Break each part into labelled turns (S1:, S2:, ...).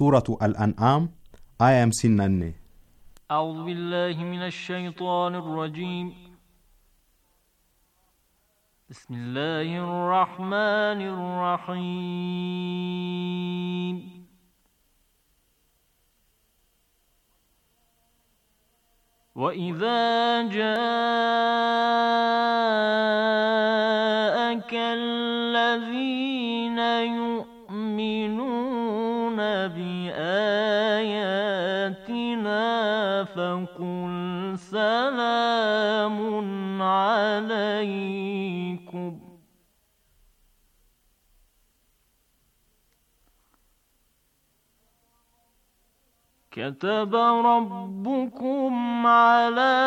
S1: سورة الأنعام آية 54
S2: أعوذ بالله من الشيطان الرجيم بسم الله الرحمن الرحيم وإذا كتب ربكم على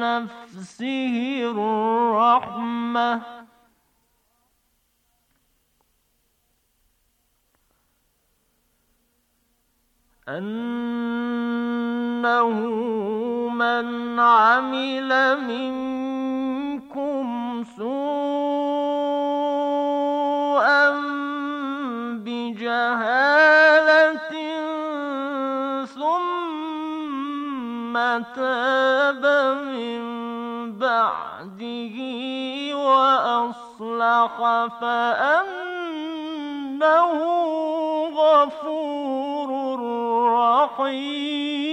S2: نفسه الرحمة أنه من عمل منكم سوءا بجهالة تاب من بعده وأصلح فأنه غفور رحيم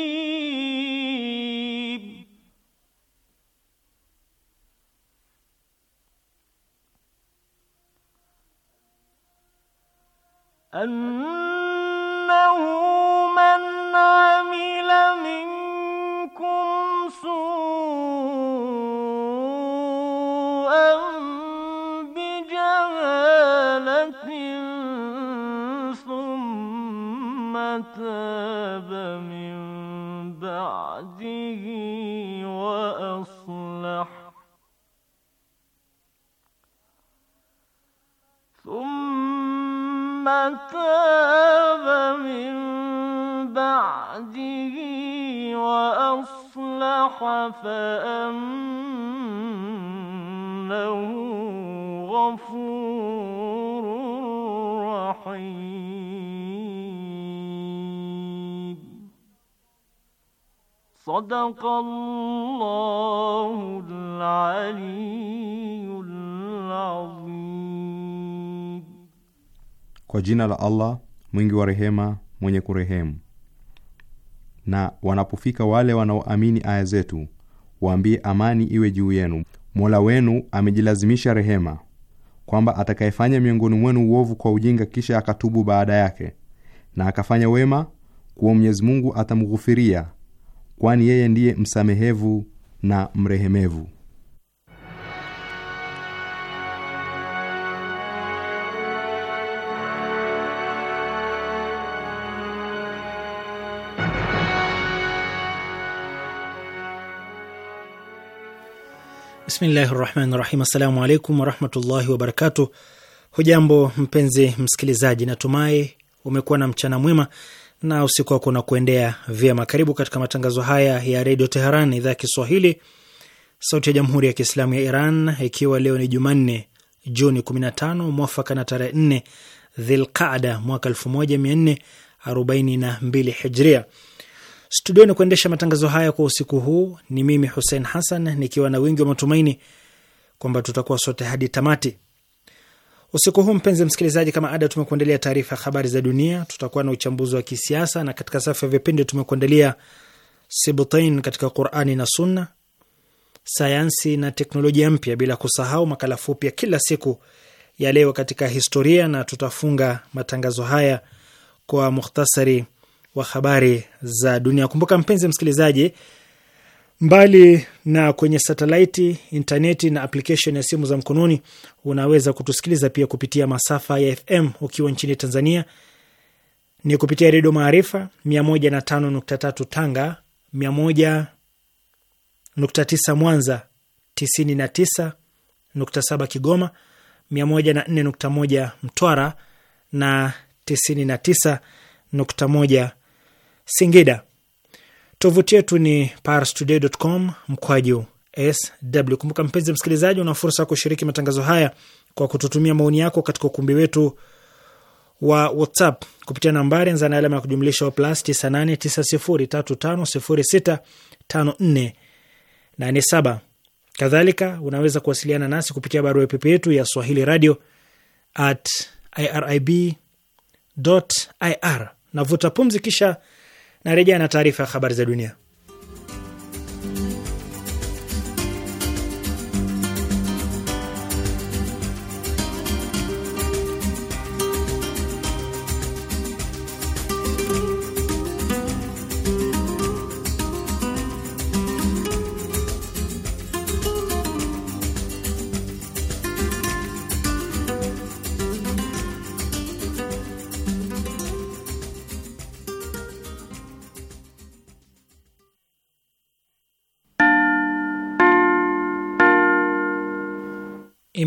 S2: أنه من عمل من ثم تاب من بعده وأصلح فأنه غفور رحيم صدق الله العلي
S1: العظيم Kwa jina la Allah mwingi wa rehema, mwenye kurehemu. Na wanapofika wale wanaoamini aya zetu, waambie amani iwe juu yenu, mola wenu amejilazimisha rehema, kwamba atakayefanya miongoni mwenu uovu kwa ujinga, kisha akatubu baada yake na akafanya wema, kuwa Mwenyezi Mungu atamghufiria, kwani yeye ndiye msamehevu na mrehemevu. Bismillahi rahmani rahim. Assalamu alaikum warahmatullahi wabarakatu. Hujambo mpenzi msikilizaji, natumai umekuwa na mchana mwema na usiku wako na kuendea vyema. Karibu katika matangazo haya ya redio Teheran, idhaa ya Kiswahili, sauti ya jamhuri ya kiislamu ya Iran, ikiwa leo ni Jumanne Juni 15 mwafaka na tarehe 4 Dhilqada mwaka 1442 Hijria. Studioni kuendesha matangazo haya kwa usiku huu ni mimi Hussein Hassan, nikiwa na wingi wa matumaini kwamba tutakuwa sote hadi tamati usiku huu. Mpenzi msikilizaji, kama ada, tumekuandalia taarifa ya habari za dunia, tutakuwa na uchambuzi wa kisiasa, na katika safu ya vipindi tumekuandalia Sibtain katika Qurani na Sunna, sayansi na teknolojia mpya, bila kusahau makala fupi ya kila siku ya leo katika historia, na tutafunga matangazo haya kwa mukhtasari wa habari za dunia. Kumbuka mpenzi msikilizaji, mbali na kwenye satelaiti, intaneti na application ya simu za mkononi, unaweza kutusikiliza pia kupitia masafa ya FM. Ukiwa nchini Tanzania ni kupitia Redio Maarifa 105.3 Tanga, 101.9 Mwanza, 99.7 Kigoma, 104.1 Mtwara na 99.1 Singida. Tovuti yetu ni parstoday.com mkwaju sw. Kumbuka mpenzi msikilizaji, una fursa ya kushiriki matangazo haya kwa kututumia maoni yako katika ukumbi wetu wa WhatsApp kupitia nambari anza na alama ya kujumlisha plus 989035065487. Kadhalika unaweza kuwasiliana nasi kupitia barua pepe yetu ya swahili radio at ir Navuta pumzi kisha na rejea na taarifa ya habari za dunia.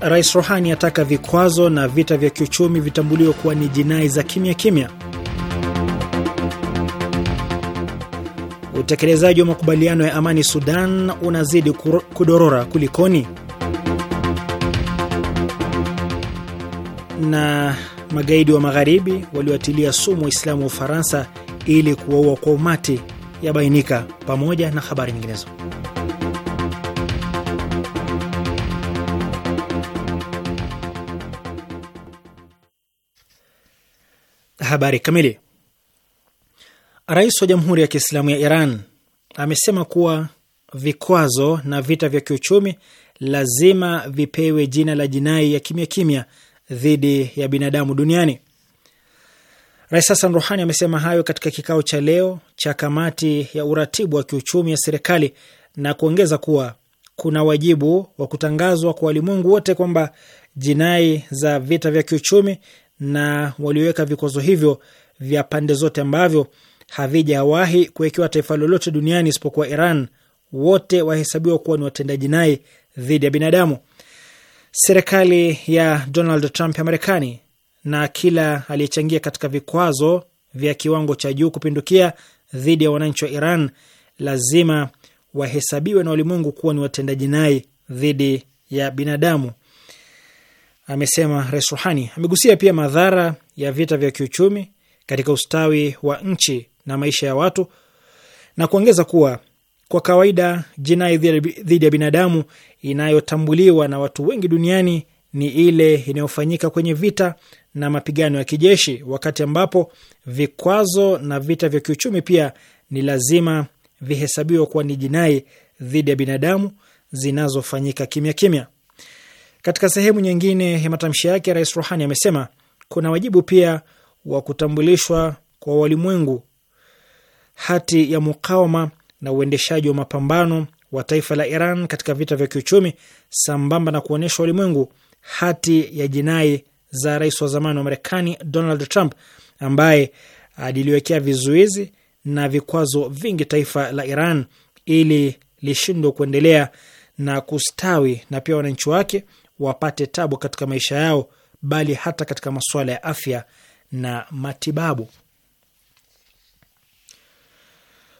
S1: Rais Rohani ataka vikwazo na vita vya kiuchumi vitambuliwe kuwa ni jinai za kimya kimya. Utekelezaji wa makubaliano ya amani Sudan unazidi kudorora, kulikoni? Na magaidi wa magharibi walioatilia sumu Waislamu wa Ufaransa ili kuwaua kwa umati yabainika, pamoja na habari nyinginezo. Habari kamili. Rais wa Jamhuri ya Kiislamu ya Iran amesema kuwa vikwazo na vita vya kiuchumi lazima vipewe jina la jinai ya kimya kimya dhidi ya binadamu duniani. Rais Hassan Ruhani amesema hayo katika kikao cha leo cha kamati ya uratibu wa kiuchumi ya serikali na kuongeza kuwa kuna wajibu wa kutangazwa kwa walimwengu wote kwamba jinai za vita vya kiuchumi na walioweka vikwazo hivyo vya pande zote ambavyo havijawahi kuwekewa taifa lolote duniani isipokuwa Iran, wote wahesabiwa kuwa ni watendaji naye dhidi ya binadamu. Serikali ya Donald Trump ya Marekani na kila aliyechangia katika vikwazo vya kiwango cha juu kupindukia dhidi ya wananchi wa Iran lazima wahesabiwe na walimwengu kuwa ni watendaji naye dhidi ya binadamu amesema Rais Ruhani. Amegusia pia madhara ya vita vya kiuchumi katika ustawi wa nchi na maisha ya watu na kuongeza kuwa kwa kawaida jinai dhidi ya binadamu inayotambuliwa na watu wengi duniani ni ile inayofanyika kwenye vita na mapigano ya kijeshi, wakati ambapo vikwazo na vita vya kiuchumi pia ni lazima vihesabiwa kuwa ni jinai dhidi ya binadamu zinazofanyika kimya kimya. Katika sehemu nyingine ya matamshi yake, Rais Rohani amesema kuna wajibu pia wa kutambulishwa kwa walimwengu hati ya mukawama na uendeshaji wa mapambano wa taifa la Iran katika vita vya kiuchumi sambamba na kuonyesha walimwengu hati ya jinai za rais wa zamani wa Marekani Donald Trump ambaye aliliwekea vizuizi na vikwazo vingi taifa la Iran ili lishindwe kuendelea na kustawi na pia wananchi wake wapate tabu katika maisha yao, bali hata katika masuala ya afya na matibabu.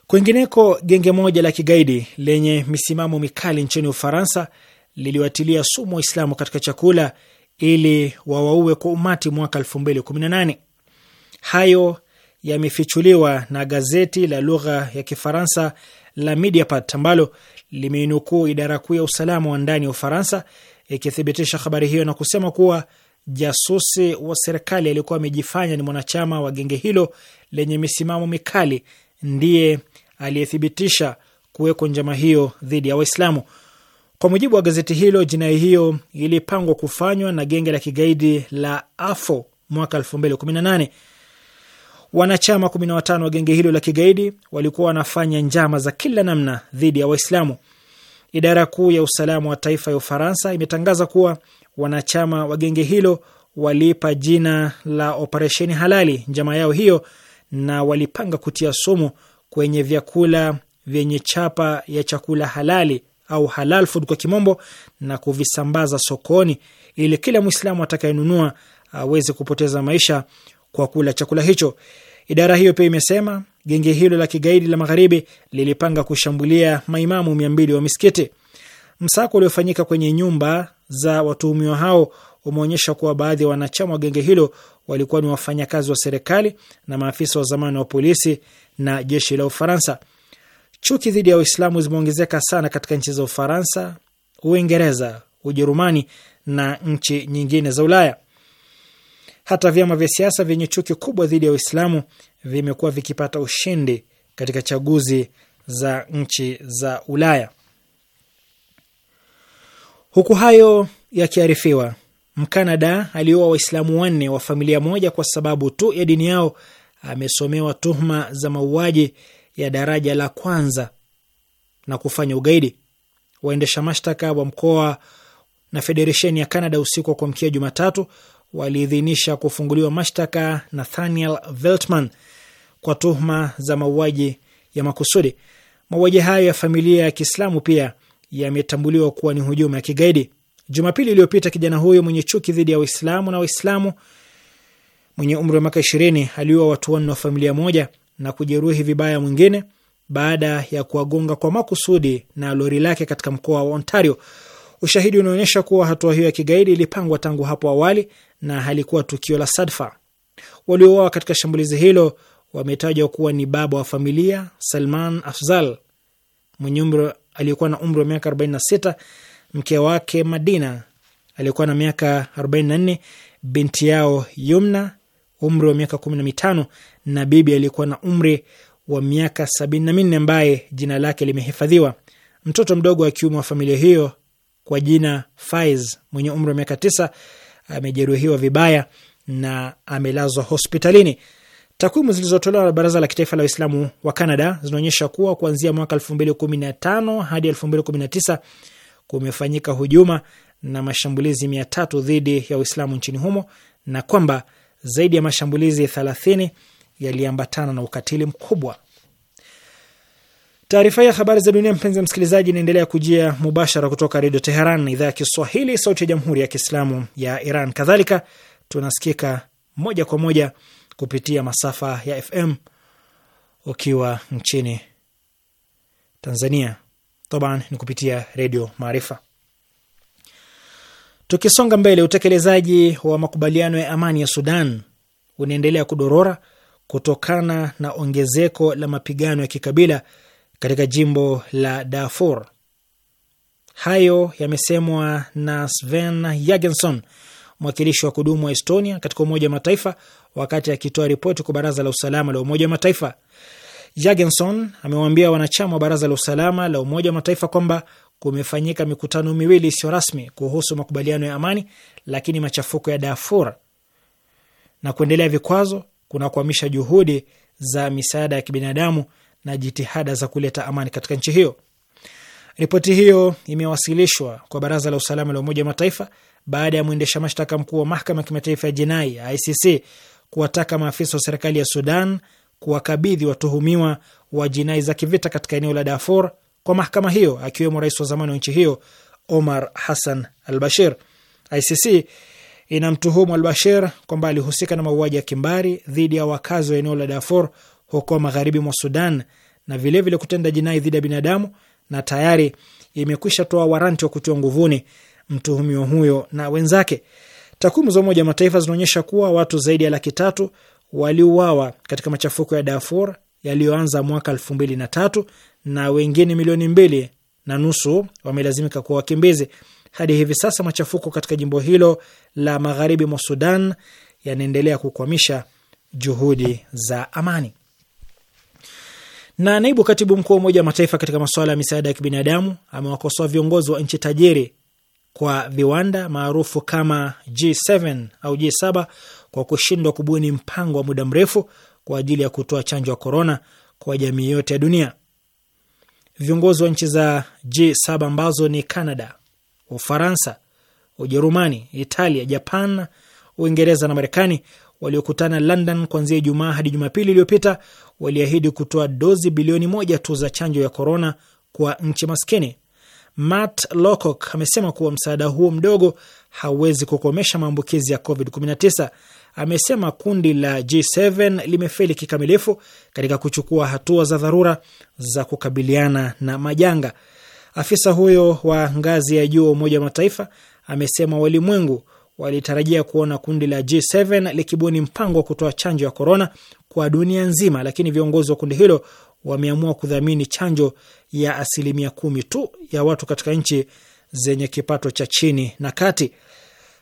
S1: Kwingineko, genge moja la kigaidi lenye misimamo mikali nchini Ufaransa liliwatilia sumu Waislamu katika chakula ili wawaue kwa umati mwaka 2018. Hayo yamefichuliwa na gazeti la lugha ya Kifaransa la Mediapart ambalo limeinukuu idara kuu ya usalama wa ndani ya Ufaransa ikithibitisha habari hiyo na kusema kuwa jasusi wa serikali aliyekuwa amejifanya ni mwanachama wa genge hilo lenye misimamo mikali ndiye aliyethibitisha kuwekwa njama hiyo dhidi ya Waislamu. Kwa mujibu wa gazeti hilo, jinai hiyo ilipangwa kufanywa na genge la kigaidi la AFO mwaka 2018. Wanachama 15 wa genge hilo la kigaidi walikuwa wanafanya njama za kila namna dhidi ya Waislamu. Idara kuu ya usalama wa taifa ya Ufaransa imetangaza kuwa wanachama wa genge hilo waliipa jina la operesheni halali njama yao hiyo, na walipanga kutia sumu kwenye vyakula vyenye chapa ya chakula halali au halal food kwa kimombo, na kuvisambaza sokoni ili kila Mwislamu atakayenunua aweze kupoteza maisha kwa kula chakula hicho. Idara hiyo pia imesema genge hilo la kigaidi la magharibi lilipanga kushambulia maimamu mia mbili wa misikiti. Msako uliofanyika kwenye nyumba za watuhumiwa hao umeonyesha kuwa baadhi ya wanachama wa genge hilo walikuwa ni wafanyakazi wa serikali na maafisa wa zamani wa polisi na jeshi la Ufaransa. Chuki dhidi ya Waislamu zimeongezeka sana katika nchi za Ufaransa, Uingereza, Ujerumani na nchi nyingine za Ulaya. Hata vyama vya siasa vyenye chuki kubwa dhidi ya Waislamu vimekuwa vikipata ushindi katika chaguzi za nchi za Ulaya. Huku hayo yakiarifiwa, Mkanada aliyeoa Waislamu wanne wa familia moja kwa sababu tu ya dini yao amesomewa tuhuma za mauaji ya daraja la kwanza na kufanya ugaidi. Waendesha mashtaka wa mkoa na federesheni ya Kanada usiku wa kuamkia Jumatatu waliidhinisha kufunguliwa mashtaka Nathaniel Veltman kwa tuhuma za mauaji ya makusudi. Mauaji hayo ya familia ya Kiislamu pia yametambuliwa kuwa ni hujuma ya kigaidi. Jumapili iliyopita kijana huyo mwenye chuki dhidi ya Waislamu na Waislamu mwenye umri wa miaka ishirini aliua watu wanne wa familia moja na kujeruhi vibaya mwingine baada ya kuwagonga kwa makusudi na lori lake katika mkoa wa Ontario. Ushahidi unaonyesha kuwa hatua hiyo ya kigaidi ilipangwa tangu hapo awali na halikuwa tukio la sadfa. Waliouawa katika shambulizi hilo wametajwa kuwa ni baba wa familia Salman Afzal mwenye umri aliyekuwa na umri wa miaka 46, mke wake Madina aliyekuwa na miaka 44, binti yao Yumna umri wa miaka 15, na bibi aliyekuwa na umri wa miaka 74 ambaye jina lake limehifadhiwa. Mtoto mdogo wa kiume wa familia hiyo kwa jina Faiz mwenye umri wa miaka tisa amejeruhiwa vibaya na amelazwa hospitalini. Takwimu zilizotolewa na Baraza la Kitaifa la Waislamu wa Canada zinaonyesha kuwa kuanzia mwaka 2015 hadi 2019 kumefanyika hujuma na mashambulizi mia tatu dhidi ya uislamu nchini humo na kwamba zaidi ya mashambulizi 30 yaliambatana na ukatili mkubwa. Taarifa ya habari za dunia, mpenzi msikilizaji, inaendelea kujia mubashara kutoka Redio Teheran, idhaa ya Kiswahili, sauti ya jamhuri ya kiislamu ya Iran. Kadhalika tunasikika moja kwa moja kupitia masafa ya FM ukiwa nchini Tanzania toba ni kupitia Redio Maarifa. Tukisonga mbele, utekelezaji wa makubaliano ya amani ya Sudan unaendelea kudorora kutokana na ongezeko la mapigano ya kikabila katika jimbo la Darfur. Hayo yamesemwa na Sven Jurgenson, mwakilishi wa kudumu wa Estonia katika Umoja wa Mataifa wakati akitoa ripoti kwa Baraza la Usalama la Umoja wa Mataifa. Jagenson amewaambia wanachama wa Baraza la Usalama la Umoja wa Mataifa kwamba kumefanyika mikutano miwili isiyo rasmi kuhusu makubaliano ya amani, lakini machafuko ya Darfur na kuendelea vikwazo kunakwamisha juhudi za misaada ya kibinadamu na jitihada za kuleta amani katika nchi hiyo. Ripoti hiyo imewasilishwa kwa Baraza la Usalama la Umoja wa Mataifa baada ya mwendesha mashtaka mkuu wa Mahakama ya Kimataifa ya Jinai ya ICC kuwataka maafisa wa serikali ya Sudan kuwakabidhi watuhumiwa wa jinai za kivita katika eneo la Darfur kwa mahakama hiyo, akiwemo rais wa zamani wa nchi hiyo Omar Hassan al Bashir. ICC inamtuhumu al Bashir kwamba alihusika na mauaji ya kimbari dhidi ya wakazi wa eneo la Darfur huko magharibi mwa Sudan na vilevile vile kutenda jinai dhidi ya binadamu, na tayari imekwisha toa waranti wa kutia nguvuni mtuhumiwa huyo na wenzake. Takwimu za Umoja Mataifa zinaonyesha kuwa watu zaidi ya laki tatu waliuawa katika machafuko ya Darfur yaliyoanza mwaka elfu mbili na tatu na wengine milioni mbili na nusu wamelazimika kuwa wakimbizi. Hadi hivi sasa machafuko katika jimbo hilo la magharibi mwa Sudan yanaendelea kukwamisha juhudi za amani. Na naibu katibu mkuu wa Umoja wa Mataifa katika masuala ya misaada ya kibinadamu amewakosoa viongozi wa nchi tajiri kwa viwanda maarufu kama G7 au G7 kwa kushindwa kubuni mpango wa muda mrefu kwa ajili ya kutoa chanjo ya korona kwa jamii yote ya dunia. Viongozi wa nchi za G7 ambazo ni Canada, Ufaransa, Ujerumani, Italia, Japan, Uingereza na Marekani waliokutana London kuanzia Ijumaa hadi Jumapili iliyopita waliahidi kutoa dozi bilioni moja tu za chanjo ya korona kwa nchi maskini. Matt Lockock amesema kuwa msaada huo mdogo hauwezi kukomesha maambukizi ya COVID-19. Amesema kundi la G7 limefeli kikamilifu katika kuchukua hatua za dharura za kukabiliana na majanga. Afisa huyo wa ngazi ya juu wa Umoja wa Mataifa amesema walimwengu walitarajia kuona kundi la G7 likibuni mpango wa kutoa chanjo ya korona kwa dunia nzima, lakini viongozi wa kundi hilo wameamua kudhamini chanjo ya asilimia kumi tu ya watu katika nchi zenye kipato cha chini na kati.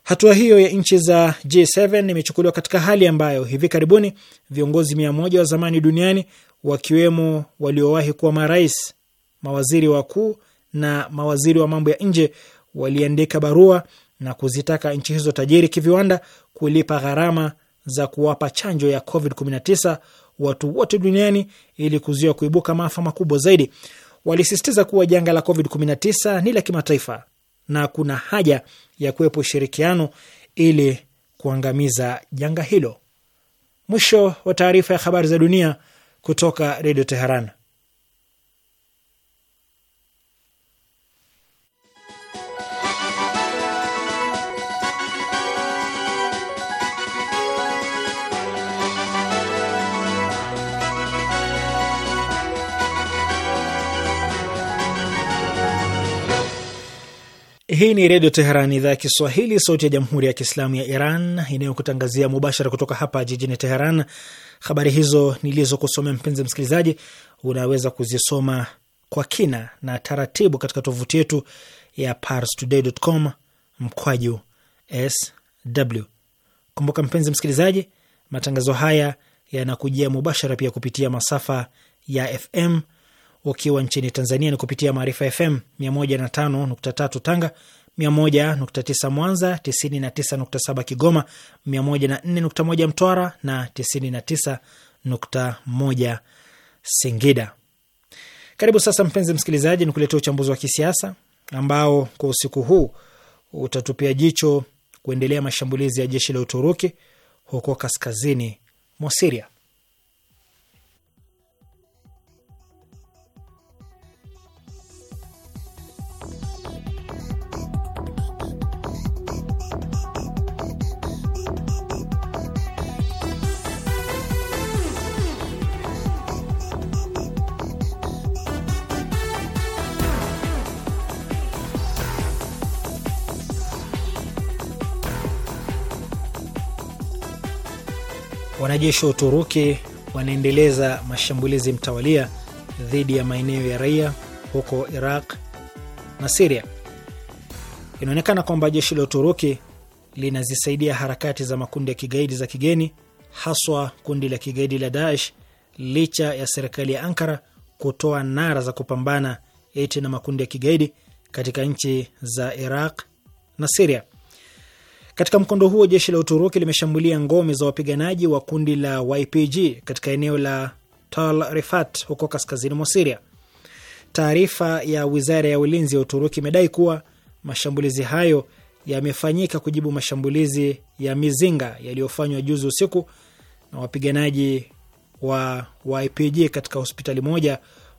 S1: Hatua hiyo ya nchi za G7 imechukuliwa katika hali ambayo hivi karibuni viongozi mia moja wa zamani duniani wakiwemo waliowahi kuwa marais, mawaziri wakuu na mawaziri wa mambo ya nje waliandika barua na kuzitaka nchi hizo tajiri kiviwanda kulipa gharama za kuwapa chanjo ya COVID-19 watu wote duniani ili kuzuia kuibuka maafa makubwa zaidi. Walisisitiza kuwa janga la COVID-19 ni la kimataifa na kuna haja ya kuwepo ushirikiano ili kuangamiza janga hilo. Mwisho wa taarifa ya habari za dunia kutoka Redio Teheran. Hii ni Redio Teheran, idhaa ya Kiswahili, sauti ya Jamhuri ya Kiislamu ya Iran inayokutangazia mubashara kutoka hapa jijini Teheran. Habari hizo nilizokusomea, mpenzi msikilizaji, unaweza kuzisoma kwa kina na taratibu katika tovuti yetu ya parstoday.com mkwaju sw. Kumbuka mpenzi msikilizaji, matangazo haya yanakujia mubashara pia kupitia masafa ya FM ukiwa nchini Tanzania ni kupitia Maarifa FM 105.3 Tanga, 101.9 Mwanza, 99.7 Kigoma, 104.1 Mtwara na 99.1 Singida. Karibu sasa, mpenzi msikilizaji, ni kuletea uchambuzi wa kisiasa ambao kwa usiku huu utatupia jicho kuendelea mashambulizi ya jeshi la Uturuki huko kaskazini mwa Siria. Wanajeshi wa Uturuki wanaendeleza mashambulizi mtawalia dhidi ya maeneo ya raia huko Iraq na Siria. Inaonekana kwamba jeshi la Uturuki linazisaidia harakati za makundi ya kigaidi za kigeni, haswa kundi la kigaidi la Daesh, licha ya serikali ya Ankara kutoa nara za kupambana eti na makundi ya kigaidi katika nchi za Iraq na Siria. Katika mkondo huo, jeshi la Uturuki limeshambulia ngome za wapiganaji wa kundi la YPG katika eneo la Tal Rifat huko kaskazini mwa Siria. Taarifa ya wizara ya ulinzi ya Uturuki imedai kuwa mashambulizi hayo yamefanyika kujibu mashambulizi ya mizinga yaliyofanywa juzi usiku na wapiganaji wa YPG katika hospitali moja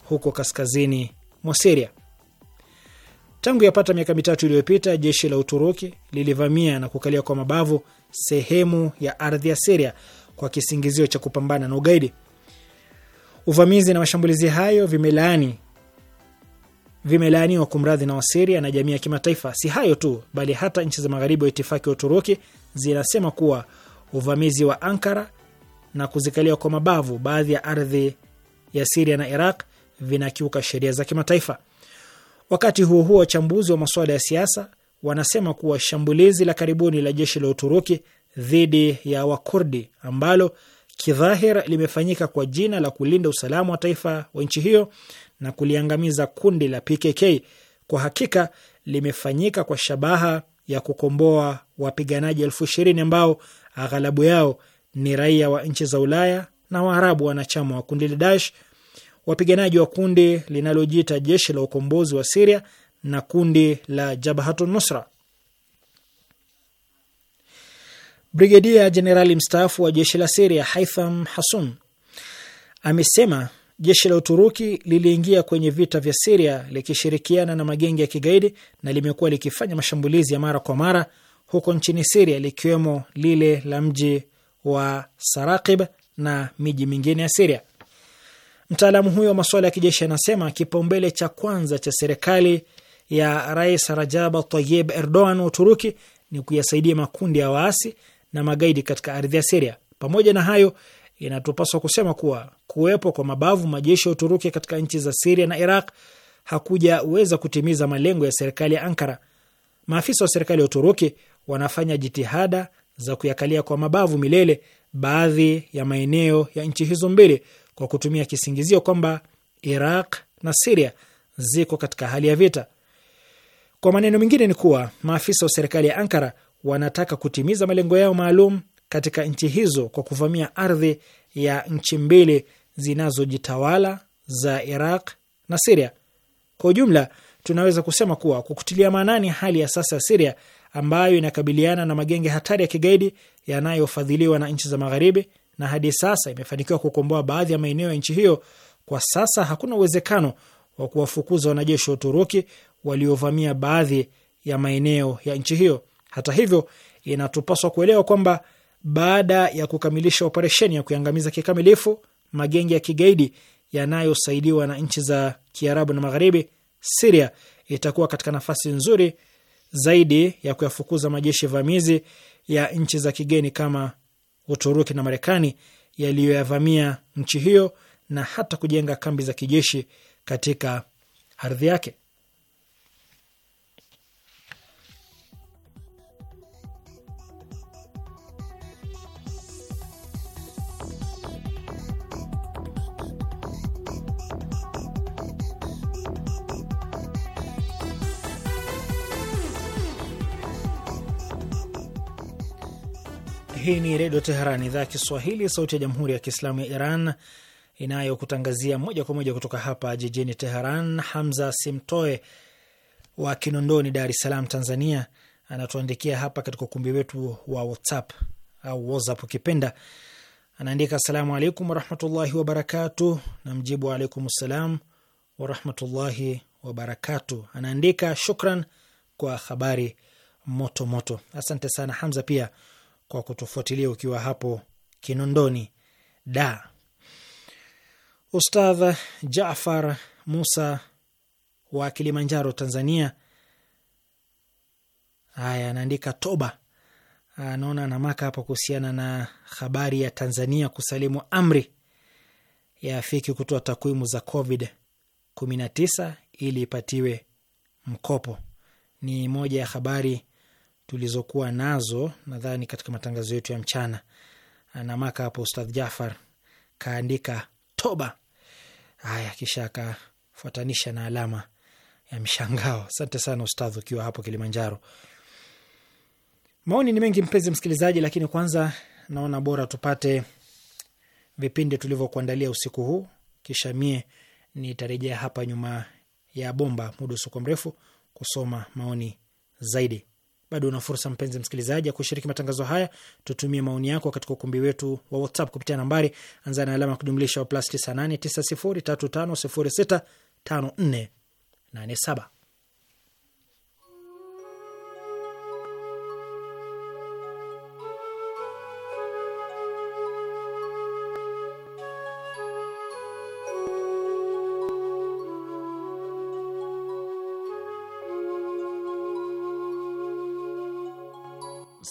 S1: huko kaskazini mwa Siria. Tangu yapata miaka mitatu iliyopita, jeshi la Uturuki lilivamia na kukalia kwa mabavu sehemu ya ardhi ya Siria kwa kisingizio cha kupambana na ugaidi. Uvamizi na mashambulizi hayo vimelaani vimelaaniwa kumradhi na Wasiria na jamii ya kimataifa. Si hayo tu, bali hata nchi za magharibi wa itifaki wa Uturuki zinasema kuwa uvamizi wa Ankara na kuzikalia kwa mabavu baadhi ya ardhi ya Siria na Iraq vinakiuka sheria za kimataifa. Wakati huo huo, wachambuzi wa masuala ya siasa wanasema kuwa shambulizi la karibuni la jeshi la Uturuki dhidi ya Wakurdi ambalo kidhahir limefanyika kwa jina la kulinda usalama wa taifa wa nchi hiyo na kuliangamiza kundi la PKK kwa hakika limefanyika kwa shabaha ya kukomboa wapiganaji elfu ishirini ambao aghalabu yao ni raia wa nchi za Ulaya na Waarabu wanachama wa kundi la Daesh wapiganaji wa kundi linalojiita jeshi la ukombozi wa Siria na kundi la Jabhatu Nusra. Brigedia Jenerali mstaafu wa jeshi la Siria Haitham Hasun amesema jeshi la Uturuki liliingia kwenye vita vya Siria likishirikiana na magenge ya kigaidi na limekuwa likifanya mashambulizi ya mara kwa mara huko nchini Siria, likiwemo lile la mji wa saraqib na miji mingine ya Siria. Mtaalamu huyo wa masuala ya kijeshi anasema kipaumbele cha kwanza cha serikali ya Rais Rajab Tayyib Erdogan wa Uturuki ni kuyasaidia makundi ya waasi na magaidi katika ardhi ya Siria. Pamoja na hayo, inatupaswa kusema kuwa kuwepo kwa mabavu majeshi ya Uturuki katika nchi za Siria na Iraq hakujaweza kutimiza malengo ya serikali ya Ankara. Maafisa wa serikali ya Uturuki wanafanya jitihada za kuyakalia kwa mabavu milele baadhi ya maeneo ya nchi hizo mbili kwa kutumia kisingizio kwamba Iraq na Siria ziko katika hali ya vita. Kwa maneno mengine, ni kuwa maafisa wa serikali ya Ankara wanataka kutimiza malengo yao maalum katika nchi hizo kwa kuvamia ardhi ya nchi mbili zinazojitawala za Iraq na Siria. Kwa ujumla, tunaweza kusema kuwa kwa kutilia maanani hali ya sasa ya Siria ambayo inakabiliana na magenge hatari ya kigaidi yanayofadhiliwa na nchi za Magharibi, na hadi sasa imefanikiwa kukomboa baadhi ya maeneo ya nchi hiyo, kwa sasa hakuna uwezekano wa kuwafukuza wanajeshi wa Uturuki waliovamia baadhi ya maeneo ya nchi hiyo. Hata hivyo, inatupaswa kuelewa kwamba baada ya kukamilisha operesheni ya kuiangamiza kikamilifu magenge ya kigaidi yanayosaidiwa na nchi za Kiarabu na Magharibi, Siria itakuwa katika nafasi nzuri zaidi ya kuyafukuza majeshi vamizi ya nchi za kigeni kama Uturuki na Marekani yaliyoyavamia nchi hiyo na hata kujenga kambi za kijeshi katika ardhi yake. Hii ni Redio Teheran, idhaa ya Kiswahili, sauti ya Jamhuri ya Kiislamu ya Iran, inayokutangazia moja kwa moja kutoka hapa jijini Teheran. Hamza Simtoe wa Kinondoni, Dar es Salaam, Tanzania, anatuandikia hapa katika ukumbi wetu wa WhatsApp au WhatsApp ukipenda. Anaandika, asalamu alaikum warahmatullahi wabarakatu. Na mjibu alaikum salam warahmatullahi wabarakatu. Anaandika, shukran kwa habari moto moto. Asante sana Hamza. Pia kwa kutufuatilia ukiwa hapo Kinondoni. Da, Ustadh Jafar Musa wa Kilimanjaro, Tanzania. Haya, anaandika toba, anaona anamaka hapa kuhusiana na habari ya Tanzania kusalimu amri ya afiki kutoa takwimu za Covid 19 ili ipatiwe mkopo. Ni moja ya habari tulizokuwa nazo nadhani katika matangazo yetu ya mchana. Anamaka hapo Ustadh Jafar kaandika toba. Haya, kisha akafuatanisha na alama ya mshangao. Asante sana Ustadh ukiwa hapo Kilimanjaro. Maoni ni mengi mpenzi msikilizaji, lakini kwanza naona bora tupate vipindi tulivyokuandalia usiku huu, kisha mie nitarejea hapa nyuma ya bomba muda usiko mrefu kusoma maoni zaidi. Bado una fursa mpenzi msikilizaji ya kushiriki matangazo haya. Tutumie maoni yako katika ukumbi wetu wa WhatsApp kupitia nambari, anza na alama ya kujumlisha wa plus 98 9035065487.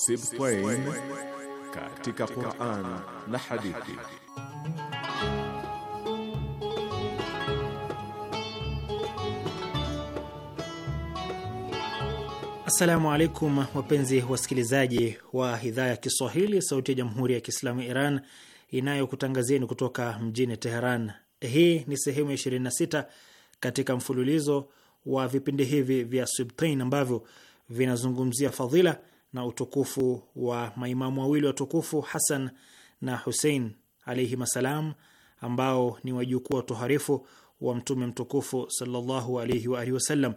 S3: Sibtain katika Qur'an na hadithi.
S1: Assalamu alaikum wapenzi wasikilizaji wa idhaa ya Kiswahili sauti ya Jamhuri ya Kiislamu ya Iran inayokutangazieni kutoka mjini Teheran. Hii ni sehemu ya 26 katika mfululizo wa vipindi hivi vya Sibtain ambavyo vinazungumzia fadhila na utukufu wa maimamu wawili watukufu Hasan na Husein alaihim assalam, ambao ni wajukuu watoharifu wa Mtume mtukufu sallallahu alaihi wa alihi wasallam.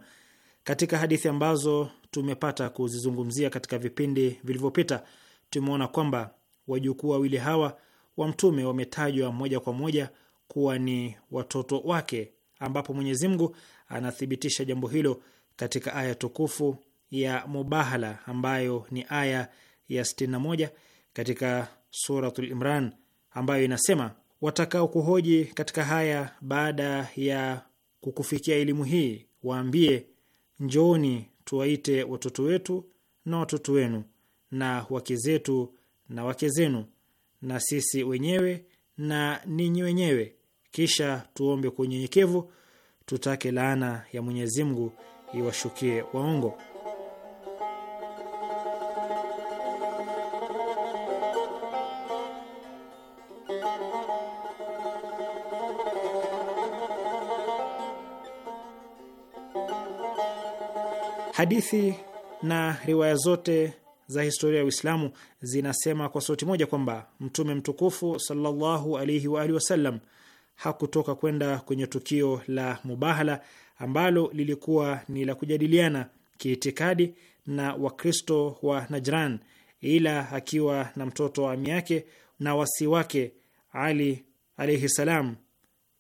S1: Katika hadithi ambazo tumepata kuzizungumzia katika vipindi vilivyopita, tumeona kwamba wajukuu wawili hawa wa Mtume wametajwa moja kwa moja kuwa ni watoto wake, ambapo Mwenyezi Mungu anathibitisha jambo hilo katika aya tukufu ya mubahala ambayo ni aya ya 61 katika Suratul Imran ambayo inasema, watakao kuhoji katika haya baada ya kukufikia elimu hii, waambie njooni tuwaite watoto wetu na watoto wenu na wake zetu na wake zenu na sisi wenyewe na ninyi wenyewe, kisha tuombe kwa unyenyekevu, tutake laana ya Mwenyezi Mungu iwashukie waongo. Hadithi na riwaya zote za historia ya Uislamu zinasema kwa sauti moja kwamba Mtume mtukufu sallallahu alaihi wa alihi wasallam hakutoka kwenda kwenye tukio la Mubahala ambalo lilikuwa ni la kujadiliana kiitikadi na Wakristo wa Najran ila akiwa na mtoto wa ami yake na wasi wake Ali alaihi salam,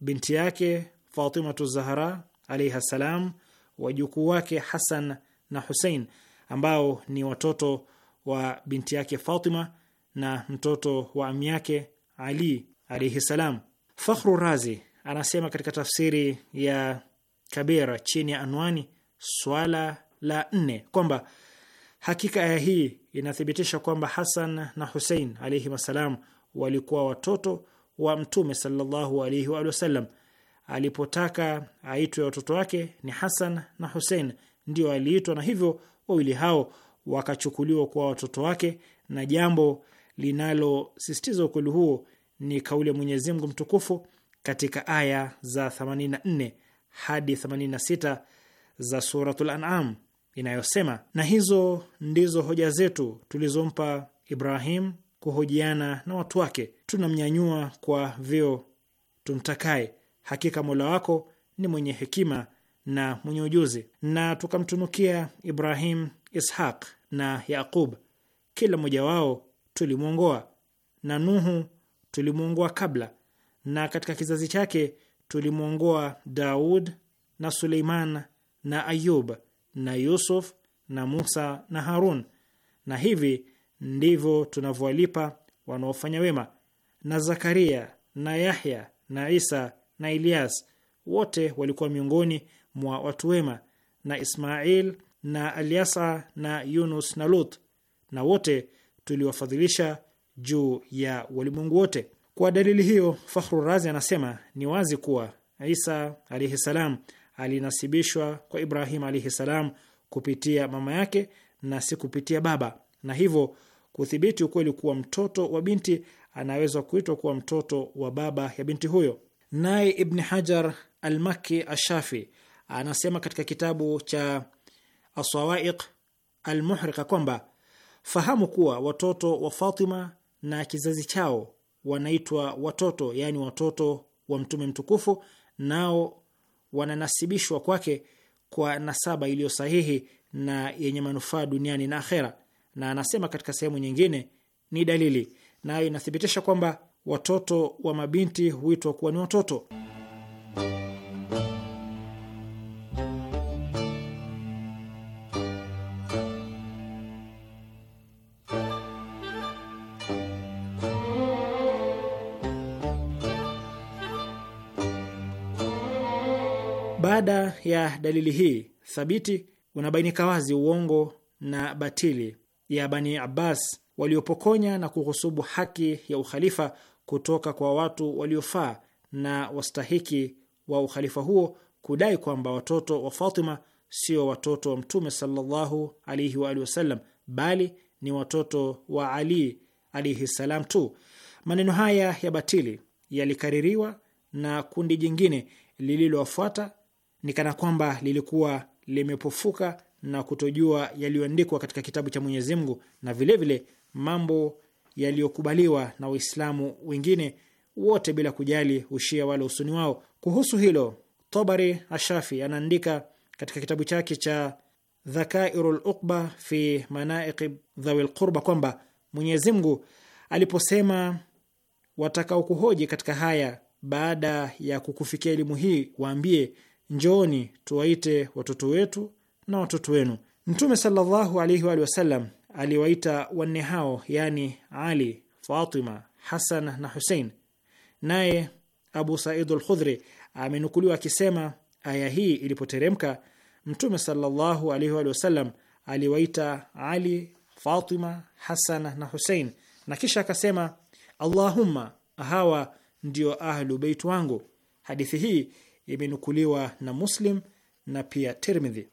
S1: binti yake Fatimatu Zahra alaihi salam, wajukuu wake Hasan na Husein ambao ni watoto wa binti yake Fatima na mtoto wa ami yake Ali alaihi salam. Fakhru Razi anasema katika tafsiri ya Kabira chini ya anwani swala la nne kwamba hakika aya hii inathibitisha kwamba Hasan na Husein alaihim assalam walikuwa watoto wa Mtume sallallahu alaihi wa sallam. Alipotaka aitwe watoto wake ni Hasan na Husein ndio aliitwa, na hivyo wawili hao wakachukuliwa kuwa watoto wake, na jambo linalosisitiza ukweli huo ni kauli ya Mwenyezi Mungu mtukufu katika aya za 84 hadi 86 za Suratul An'am inayosema, na hizo ndizo hoja zetu tulizompa Ibrahim kuhojiana na watu wake, tunamnyanyua kwa vyo tumtakaye, hakika Mola wako ni mwenye hekima na mwenye ujuzi, na tukamtunukia Ibrahim, Ishaq na Yaqub, kila mmoja wao tulimwongoa, na Nuhu tulimwongoa kabla, na katika kizazi chake tulimwongoa Daud na Suleiman na Ayub na Yusuf na Musa na Harun. Na hivi ndivyo tunavyowalipa wanaofanya wema, na Zakaria na Yahya na Isa na Ilyas, wote walikuwa miongoni mwa watu wema na Ismail na Alyasa na Yunus na Lut, na wote tuliwafadhilisha juu ya walimwengu wote. Kwa dalili hiyo, Fakhru Razi anasema ni wazi kuwa Isa alaihi salam alinasibishwa kwa Ibrahim alaihi salam kupitia mama yake na si kupitia baba, na hivyo kuthibiti ukweli kuwa mtoto wa binti anaweza kuitwa kuwa mtoto wa baba ya binti huyo. Naye Ibni Hajar Almakki Ashafi anasema katika kitabu cha Asawaiq Almuhriqa kwamba fahamu kuwa watoto wa Fatima na kizazi chao wanaitwa watoto, yaani watoto wa Mtume mtukufu, nao wananasibishwa kwake kwa nasaba iliyo sahihi na yenye manufaa duniani na akhera. Na anasema katika sehemu nyingine, ni dalili nayo inathibitisha kwamba watoto wa mabinti huitwa kuwa ni watoto Baada ya dalili hii thabiti, unabainika wazi uongo na batili ya Bani Abbas waliopokonya na kuhusubu haki ya ukhalifa kutoka kwa watu waliofaa na wastahiki wa ukhalifa huo, kudai kwamba watoto wa Fatima sio watoto wa Mtume sallallahu alaihi wa alihi wasallam, bali ni watoto wa Ali alaihi salam tu. Maneno haya ya batili yalikaririwa na kundi jingine lililowafuata ni kana kwamba lilikuwa limepofuka na kutojua yaliyoandikwa katika kitabu cha Mwenyezi Mungu na vilevile vile mambo yaliyokubaliwa na Waislamu wengine wote bila kujali ushia wala usuni wao. Kuhusu hilo, Tabari Ashafi anaandika katika kitabu chake cha Dhakairu Uqba fi manaiki dhawi lqurba kwamba Mwenyezi Mungu aliposema, watakaokuhoji katika haya baada ya kukufikia elimu hii, waambie njooni tuwaite watoto wetu na watoto wenu. Mtume sallallahu alaihi wa sallam aliwaita wanne hao, yaani Ali, Fatima, Hasan na Husein. Naye Abu Said lkhudhri amenukuliwa akisema, aya hii ilipoteremka, Mtume sallallahu alaihi wa sallam aliwaita Ali, Fatima, Hasan na Husein, na kisha akasema, Allahumma, hawa ndio ahlu beit wangu. Hadithi hii imenukuliwa na Muslim na pia Tirmidhi.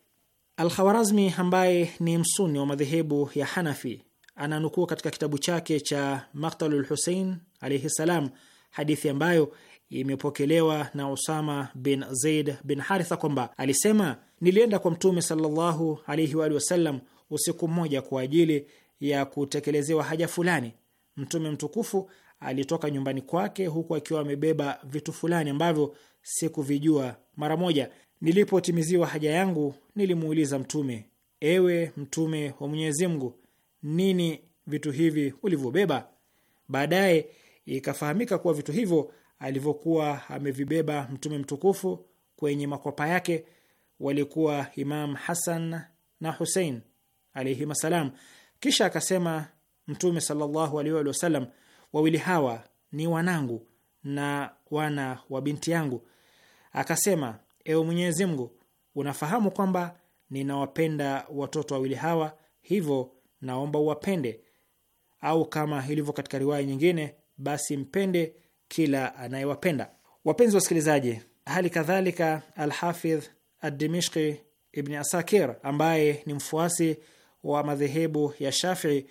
S1: Alkhawarazmi ambaye ni msuni wa madhehebu ya Hanafi ananukuu katika kitabu chake cha Maktalul Husein alaihi ssalam hadithi ambayo imepokelewa na Usama bin Zaid bin Haritha kwamba alisema, nilienda kwa Mtume sallallahu alaihi waalihi wasallam usiku mmoja kwa ajili ya kutekelezewa haja fulani. Mtume mtukufu alitoka nyumbani kwake huku akiwa amebeba vitu fulani ambavyo sikuvijua. Mara moja nilipotimiziwa haja yangu, nilimuuliza Mtume, ewe Mtume wa Mwenyezi Mungu, nini vitu hivi ulivyobeba? Baadaye ikafahamika kuwa vitu hivyo alivyokuwa amevibeba Mtume mtukufu kwenye makwapa yake walikuwa Imam Hasan na Husein alaihim assalam. Kisha akasema Mtume sallallahu alaihi wasallam, wawili hawa ni wanangu na wana wa binti yangu Akasema, ewe Mwenyezi Mungu, unafahamu kwamba ninawapenda watoto wawili hawa, hivyo naomba uwapende, au kama ilivyo katika riwaya nyingine, basi mpende kila anayewapenda. Wapenzi wasikilizaji, hali kadhalika Alhafidh Adimishki Ibni Asakir ambaye ni mfuasi wa madhehebu ya Shafii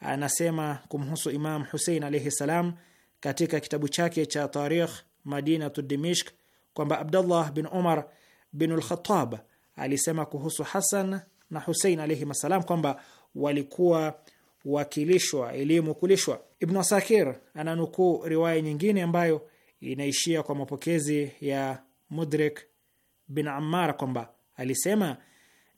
S1: anasema kumhusu Imam Husein alaihi salam katika kitabu chake cha Tarikh Madinatu Dimishk kwamba Abdullah bin Umar bin Lkhatab alisema kuhusu Hasan na Husein alaihim assalam kwamba walikuwa wakilishwa elimu kulishwa. Ibn Asakir ananukuu riwaya nyingine ambayo inaishia kwa mapokezi ya Mudrik bin Ammar kwamba alisema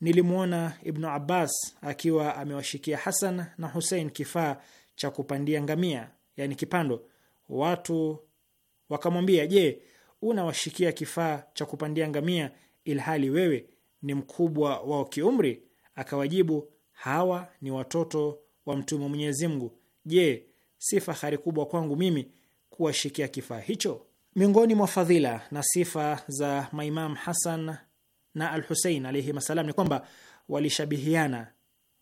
S1: nilimwona Ibnu Abbas akiwa amewashikia Hasan na Husein kifaa cha kupandia ngamia, yani kipando. Watu wakamwambia, je, unawashikia kifaa cha kupandia ngamia ilhali wewe ni mkubwa wao kiumri? Akawajibu, hawa ni watoto wa mtume wa Mwenyezi Mungu. Je, si fahari kubwa kwangu mimi kuwashikia kifaa hicho? Miongoni mwa fadhila na sifa za maimam Hasan na al Husein alaihim assalam ni kwamba walishabihiana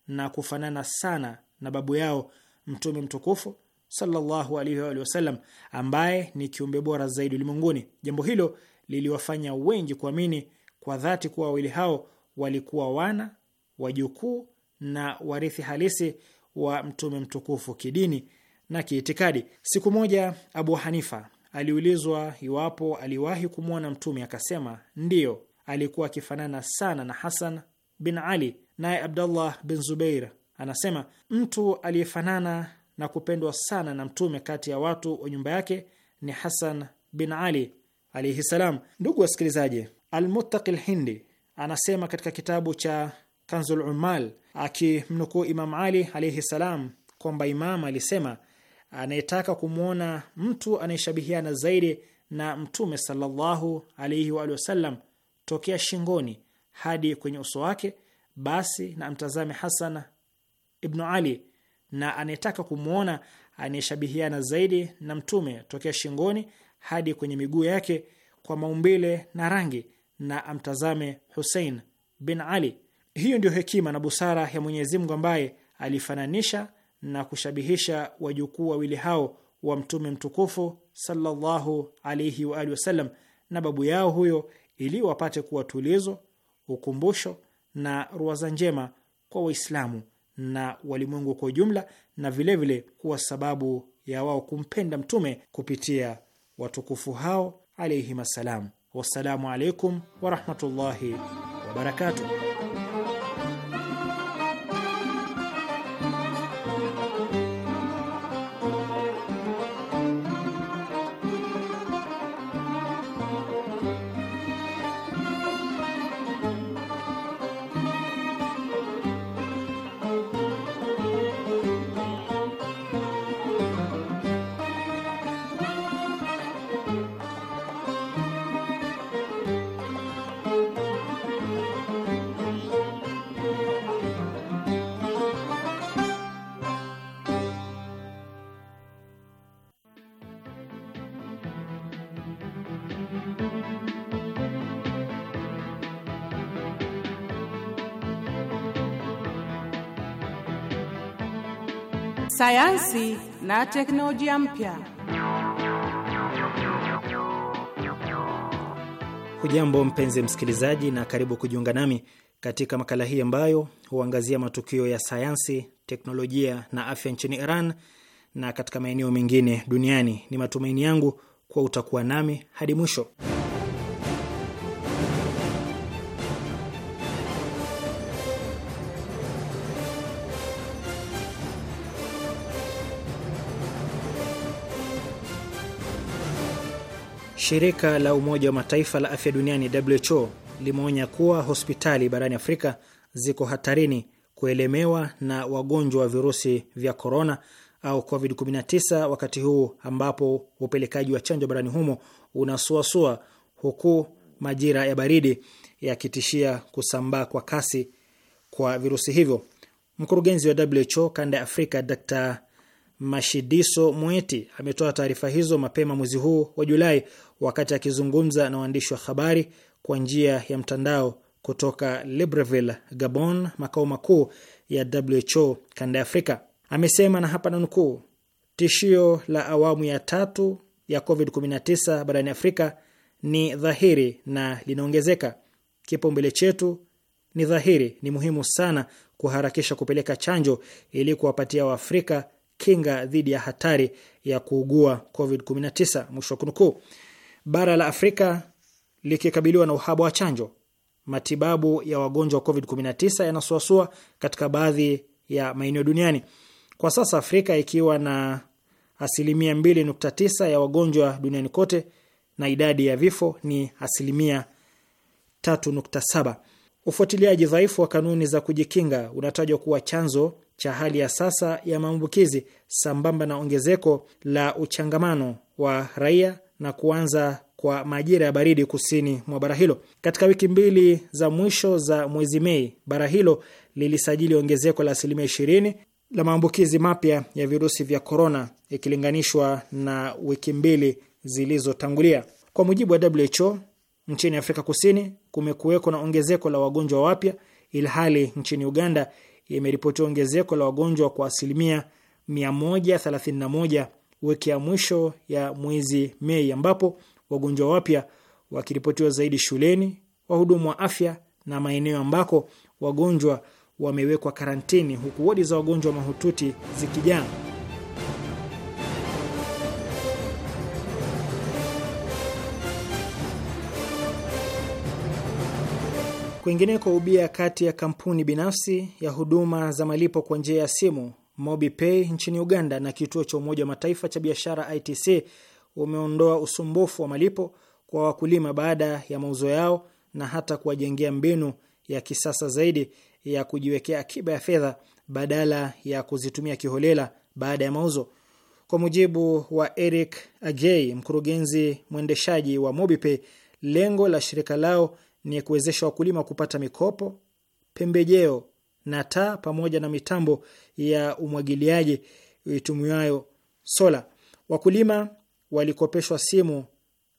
S1: na kufanana sana na babu yao mtume mtukufu sallallahu alaihi wa sallam, ambaye ni kiumbe bora zaidi ulimwenguni. Jambo hilo liliwafanya wengi kuamini kwa dhati kuwa wawili hao walikuwa wana wajukuu na warithi halisi wa mtume mtukufu kidini na kiitikadi. Siku moja Abu Hanifa aliulizwa iwapo aliwahi kumwona mtume, akasema ndiyo, alikuwa akifanana sana na Hasan bin Ali. Naye Abdullah bin Zubeir anasema mtu aliyefanana na kupendwa sana na Mtume kati ya watu wa nyumba yake ni Hasan bin Ali alaihi salam. Ndugu wasikilizaji, Almuttaqi Lhindi anasema katika kitabu cha Kanzul Umal akimnukuu Imam Ali alaihi salam kwamba Imam alisema anayetaka kumwona mtu anayeshabihiana zaidi na Mtume sallallahu alaihi waalihi wasallam tokea shingoni hadi kwenye uso wake, basi na amtazame Hasan ibnu Ali na anayetaka kumwona anayeshabihiana zaidi na Mtume tokea shingoni hadi kwenye miguu yake kwa maumbile na rangi, na amtazame Husein bin Ali. Hiyo ndiyo hekima na busara ya Mwenyezi Mungu ambaye alifananisha na kushabihisha wajukuu wawili hao wa Mtume mtukufu sallallahu alaihi wa alihi wasallam na babu yao huyo, ili wapate kuwa tulizo, ukumbusho na ruwaza njema kwa Waislamu na walimwengu kwa ujumla, na vilevile vile kuwa sababu ya wao kumpenda mtume kupitia watukufu hao alaihim assalam. Wassalamu alaikum warahmatullahi wabarakatuh.
S3: sayansi na teknolojia mpya.
S1: Hujambo mpenzi msikilizaji, na karibu kujiunga nami katika makala hii ambayo huangazia matukio ya sayansi, teknolojia na afya nchini Iran na katika maeneo mengine duniani. Ni matumaini yangu kuwa utakuwa nami hadi mwisho. Shirika la Umoja wa Mataifa la Afya Duniani, WHO, limeonya kuwa hospitali barani Afrika ziko hatarini kuelemewa na wagonjwa wa virusi vya korona au COVID-19 wakati huu ambapo upelekaji wa chanjo barani humo unasuasua huku majira ya baridi yakitishia kusambaa kwa kasi kwa virusi hivyo. Mkurugenzi wa WHO kanda ya Afrika, Dr Mashidiso mweti ametoa taarifa hizo mapema mwezi huu wa Julai wakati akizungumza na waandishi wa habari kwa njia ya mtandao kutoka Libreville, Gabon, makao makuu ya WHO kanda ya Afrika. Amesema na hapa nanukuu, tishio la awamu ya tatu ya COVID-19 barani Afrika ni dhahiri na linaongezeka. Kipaumbele chetu ni dhahiri, ni muhimu sana kuharakisha kupeleka chanjo ili kuwapatia Waafrika kinga dhidi ya hatari ya kuugua COVID-19, mwisho wa kunukuu bara la Afrika likikabiliwa na uhaba wa chanjo, matibabu ya wagonjwa wa COVID-19 yanasuasua katika baadhi ya maeneo duniani. Kwa sasa Afrika ikiwa na asilimia 2.9 ya wagonjwa duniani kote na idadi ya vifo ni asilimia 3.7. Ufuatiliaji dhaifu wa kanuni za kujikinga unatajwa kuwa chanzo cha hali ya sasa ya maambukizi sambamba na ongezeko la uchangamano wa raia na kuanza kwa majira ya baridi kusini mwa bara hilo. Katika wiki mbili za mwisho za mwezi Mei, bara hilo lilisajili ongezeko la asilimia 20 la maambukizi mapya ya virusi vya korona ikilinganishwa na wiki mbili zilizotangulia. Kwa mujibu wa WHO, nchini Afrika Kusini kumekuweko na ongezeko la wagonjwa wapya, ilhali nchini Uganda imeripotiwa ongezeko la wagonjwa kwa asilimia 131 wiki ya mwisho ya mwezi Mei, ambapo wagonjwa wapya wakiripotiwa zaidi shuleni, wahudumu wa afya na maeneo ambako wagonjwa wamewekwa karantini, huku wodi za wagonjwa mahututi zikijaa. Kwingineko, ubia kati ya kampuni binafsi ya huduma za malipo kwa njia ya simu MobiPay nchini Uganda na kituo cha Umoja wa Mataifa cha biashara ITC umeondoa usumbufu wa malipo kwa wakulima baada ya mauzo yao na hata kuwajengea mbinu ya kisasa zaidi ya kujiwekea akiba ya fedha badala ya kuzitumia kiholela baada ya mauzo. Kwa mujibu wa Eric Agei, mkurugenzi mwendeshaji wa MobiPay, lengo la shirika lao ni kuwezesha wakulima kupata mikopo, pembejeo na taa pamoja na mitambo ya umwagiliaji itumiwayo sola. Wakulima walikopeshwa simu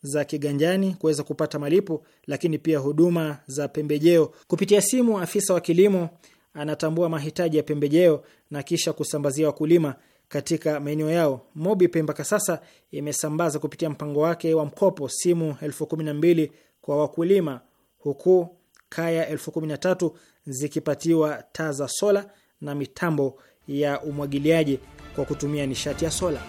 S1: za kiganjani kuweza kupata malipo, lakini pia huduma za pembejeo kupitia simu. Afisa wa kilimo anatambua mahitaji ya pembejeo na kisha kusambazia wakulima katika maeneo yao. Mobi kwa sasa imesambaza kupitia mpango wake wa mkopo simu elfu kumi na mbili kwa wakulima huku kaya elfu kumi na tatu zikipatiwa taa za sola na mitambo ya umwagiliaji kwa kutumia nishati ya sola.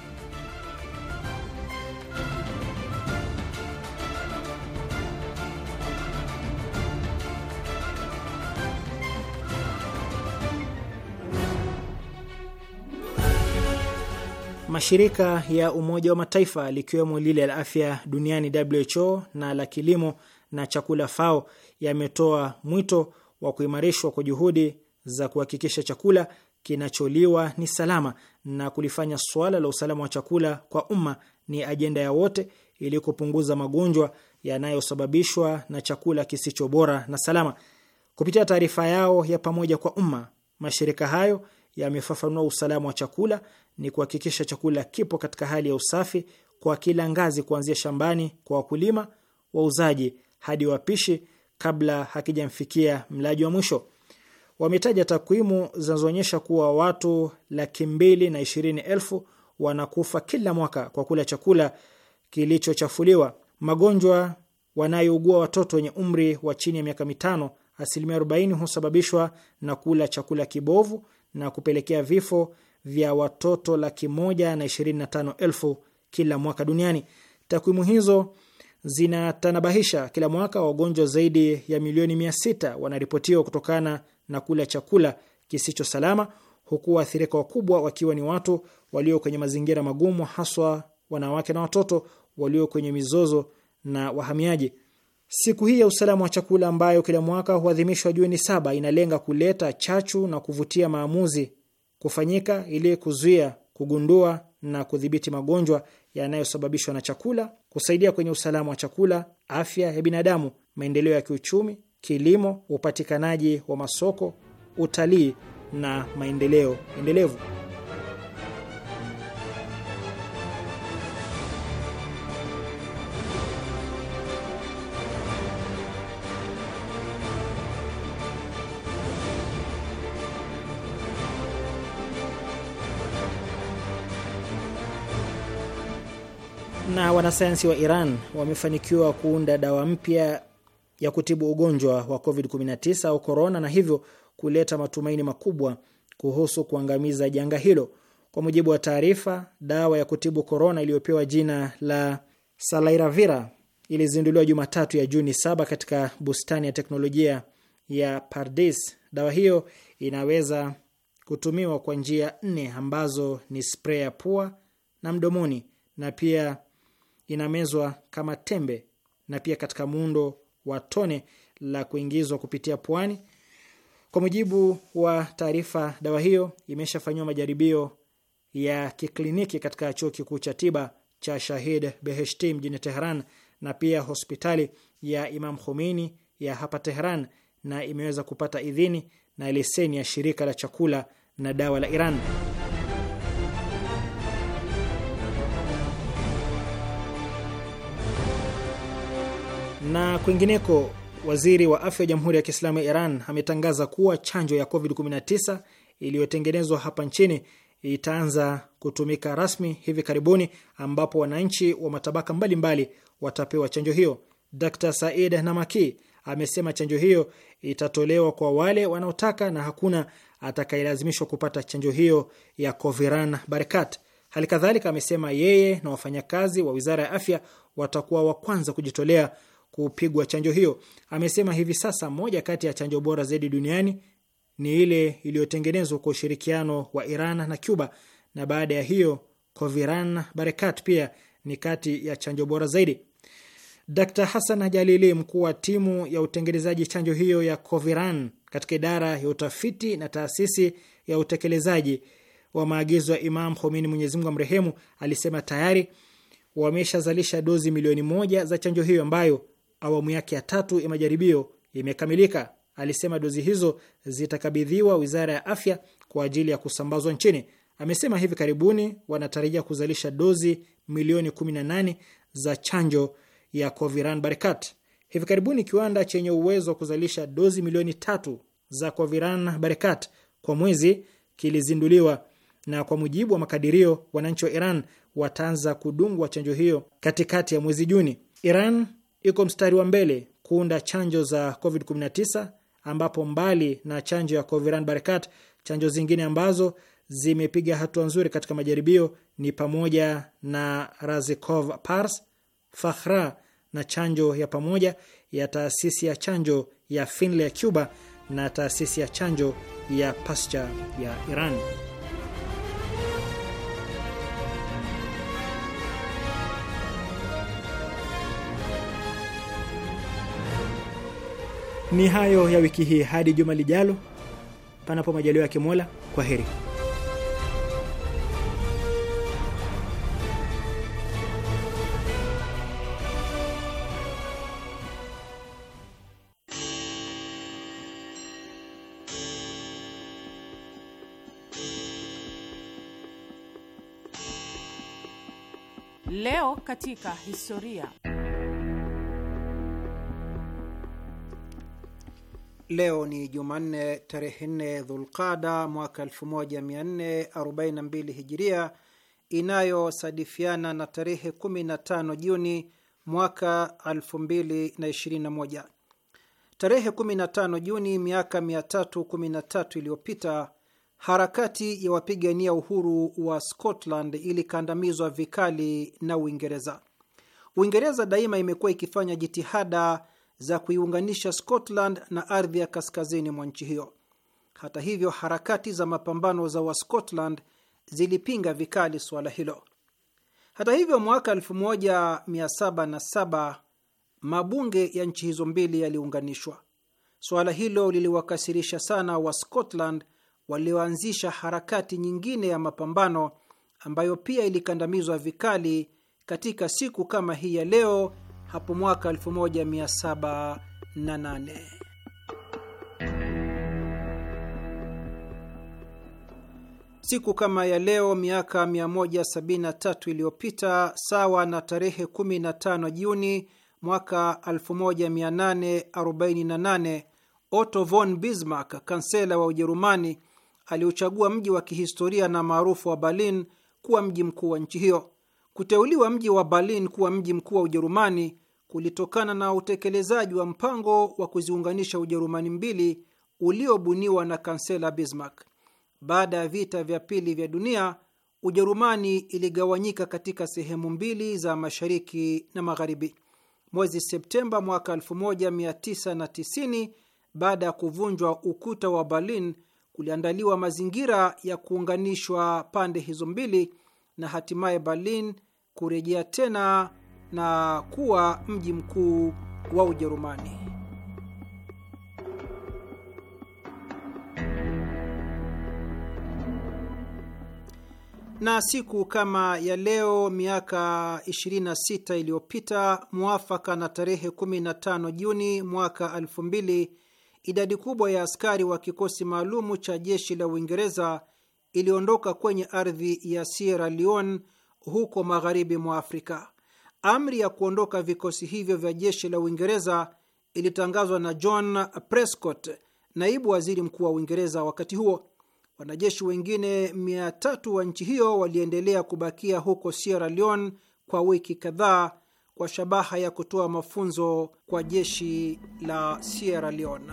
S1: Mashirika ya Umoja wa Mataifa likiwemo lile la afya duniani WHO na la kilimo na chakula FAO yametoa mwito wa kuimarishwa kwa juhudi za kuhakikisha chakula kinacholiwa ni salama na kulifanya swala la usalama wa chakula kwa umma ni ajenda ya wote ili kupunguza magonjwa yanayosababishwa na chakula kisicho bora na salama. Kupitia taarifa yao ya pamoja kwa umma, mashirika hayo yamefafanua usalama wa chakula ni kuhakikisha chakula kipo katika hali ya usafi kwa kila ngazi, kuanzia shambani kwa wakulima, wauzaji hadi wapishi kabla hakijamfikia mlaji wa mwisho. Wametaja takwimu zinazoonyesha kuwa watu laki mbili na ishirini elfu wanakufa kila mwaka kwa kula chakula kilichochafuliwa. Magonjwa wanayougua watoto wenye umri wa chini ya miaka mitano, asilimia 40 husababishwa na kula chakula kibovu na kupelekea vifo vya watoto laki moja na ishirini na tano elfu kila mwaka duniani. Takwimu hizo zinatanabahisha kila mwaka wagonjwa zaidi ya milioni mia sita wanaripotiwa kutokana na kula chakula kisicho salama, huku waathirika wakubwa wakiwa ni watu walio kwenye mazingira magumu, haswa wanawake na watoto walio kwenye mizozo na wahamiaji. Siku hii ya usalama wa chakula ambayo kila mwaka huadhimishwa Juni saba inalenga kuleta chachu na kuvutia maamuzi kufanyika ili kuzuia, kugundua na kudhibiti magonjwa yanayosababishwa na chakula, kusaidia kwenye usalama wa chakula, afya ya binadamu, maendeleo ya kiuchumi, kilimo, upatikanaji wa masoko, utalii na maendeleo endelevu. wanasayansi wa Iran wamefanikiwa kuunda dawa mpya ya kutibu ugonjwa wa COVID-19 au korona, na hivyo kuleta matumaini makubwa kuhusu kuangamiza janga hilo. Kwa mujibu wa taarifa, dawa ya kutibu korona iliyopewa jina la Salairavira ilizinduliwa Jumatatu ya Juni saba katika bustani ya teknolojia ya Pardis. Dawa hiyo inaweza kutumiwa kwa njia nne ambazo ni spray ya pua na mdomoni na pia inamezwa kama tembe na pia katika muundo wa tone la kuingizwa kupitia puani. Kwa mujibu wa taarifa, dawa hiyo imeshafanyiwa majaribio ya kikliniki katika chuo kikuu cha tiba cha Shahid Beheshti mjini Tehran na pia hospitali ya Imam Khomeini ya hapa Tehran na imeweza kupata idhini na leseni ya shirika la chakula na dawa la Iran. Na kwingineko, waziri wa afya wa Jamhuri ya Kiislamu ya Iran ametangaza kuwa chanjo ya COVID-19 iliyotengenezwa hapa nchini itaanza kutumika rasmi hivi karibuni, ambapo wananchi wa matabaka mbalimbali watapewa chanjo hiyo. Dr Said Namaki amesema chanjo hiyo itatolewa kwa wale wanaotaka na hakuna atakayelazimishwa kupata chanjo hiyo ya Coviran Barakat. Hali kadhalika amesema yeye na wafanyakazi wa wizara ya afya watakuwa wa kwanza kujitolea kupigwa chanjo hiyo. Amesema hivi sasa moja kati ya chanjo bora zaidi duniani ni ile iliyotengenezwa kwa ushirikiano wa Iran na Cuba, na baada ya hiyo Coviran Barekat pia ni kati ya chanjo bora zaidi. Dr Hassan Jalili, mkuu wa timu ya utengenezaji chanjo hiyo ya Coviran katika idara ya utafiti na taasisi ya utekelezaji wa maagizo ya Imam Khomeini, Mwenyezi Mungu amrehemu, alisema tayari wameshazalisha dozi milioni moja za chanjo hiyo ambayo awamu yake ya tatu ya majaribio imekamilika. Alisema dozi hizo zitakabidhiwa wizara ya afya kwa ajili ya kusambazwa nchini. Amesema hivi karibuni wanatarajia kuzalisha dozi milioni 18 za chanjo ya Coviran Barakat. Hivi karibuni kiwanda chenye uwezo wa kuzalisha dozi milioni tatu za Coviran Barakat kwa mwezi kilizinduliwa, na kwa mujibu wa makadirio, wananchi wa Iran wataanza kudungwa chanjo hiyo katikati ya mwezi Juni. Iran iko mstari wa mbele kuunda chanjo za COVID-19 ambapo mbali na chanjo ya Coviran Barakat, chanjo zingine ambazo zimepiga hatua nzuri katika majaribio ni pamoja na Razikov Pars, Fakhra na chanjo ya pamoja ya taasisi ya chanjo ya Finlay ya Cuba na taasisi ya chanjo ya Pasteur ya Iran. Ni hayo ya wiki hii, hadi juma lijalo, panapo majaliwa ya kimola Kwa heri.
S4: Leo katika historia
S3: Leo ni Jumanne, tarehe nne Dhulqada mwaka 1442 Hijiria, inayosadifiana na tarehe 15 Juni mwaka 2021. Tarehe 15 Juni miaka 313 iliyopita harakati ya wapigania uhuru wa Scotland ilikandamizwa vikali na Uingereza. Uingereza daima imekuwa ikifanya jitihada za kuiunganisha Scotland na ardhi ya kaskazini mwa nchi hiyo. Hata hivyo, harakati za mapambano za Wascotland zilipinga vikali suala hilo. Hata hivyo, mwaka 1707 mabunge ya nchi hizo mbili yaliunganishwa. Suala hilo liliwakasirisha sana Wascotland walioanzisha harakati nyingine ya mapambano ambayo pia ilikandamizwa vikali katika siku kama hii ya leo hapo mwaka 1708. Siku kama ya leo miaka 173 iliyopita, sawa na tarehe 15 Juni mwaka 1848, Otto von Bismarck, kansela wa Ujerumani, aliuchagua mji wa kihistoria na maarufu wa Berlin kuwa mji mkuu wa nchi hiyo. Kuteuliwa mji wa Berlin kuwa mji mkuu wa Ujerumani kulitokana na utekelezaji wa mpango wa kuziunganisha Ujerumani mbili uliobuniwa na kansela Bismarck. Baada ya vita vya pili vya dunia, Ujerumani iligawanyika katika sehemu mbili za mashariki na magharibi. Mwezi Septemba mwaka 1990 baada ya kuvunjwa ukuta wa Berlin, kuliandaliwa mazingira ya kuunganishwa pande hizo mbili na hatimaye Berlin kurejea tena na kuwa mji mkuu wa Ujerumani. Na siku kama ya leo miaka 26 iliyopita muafaka na tarehe 15 Juni mwaka 2000 idadi kubwa ya askari wa kikosi maalumu cha jeshi la Uingereza iliondoka kwenye ardhi ya Sierra Leone huko magharibi mwa Afrika. Amri ya kuondoka vikosi hivyo vya jeshi la Uingereza ilitangazwa na John Prescott, naibu waziri mkuu wa Uingereza wakati huo. Wanajeshi wengine mia tatu wa nchi hiyo waliendelea kubakia huko Sierra Leone kwa wiki kadhaa kwa shabaha ya kutoa mafunzo kwa jeshi la Sierra Leone.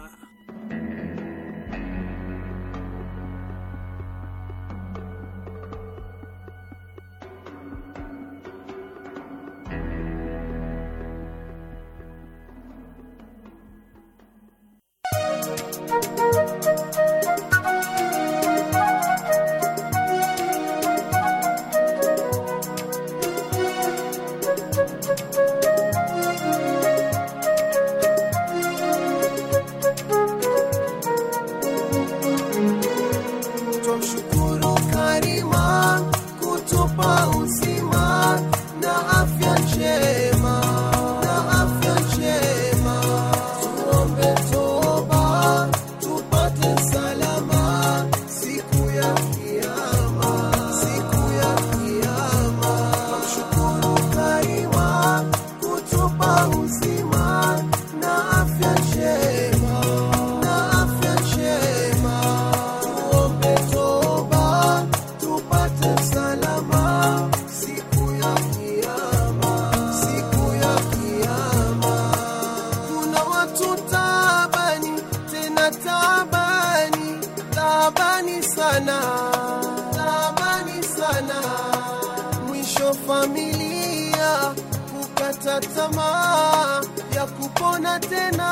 S5: familia kukata tamaa ya kupona tena.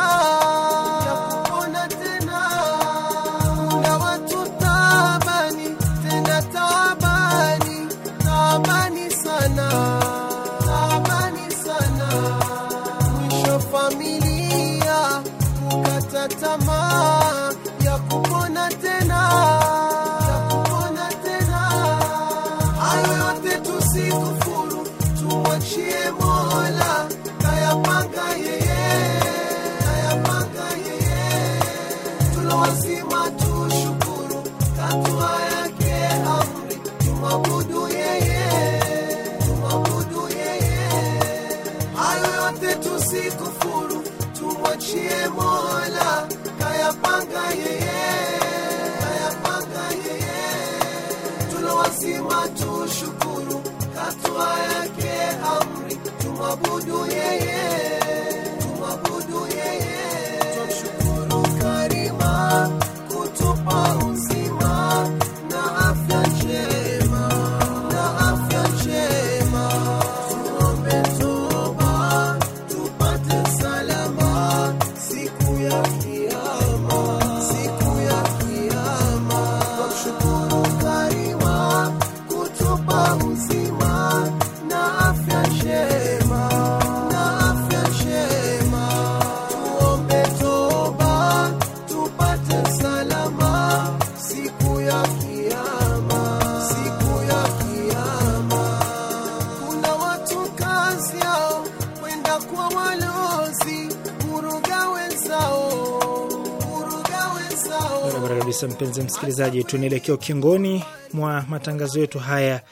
S1: Barabara kabisa, mpenzi msikilizaji, tunaelekea ukingoni mwa matangazo yetu haya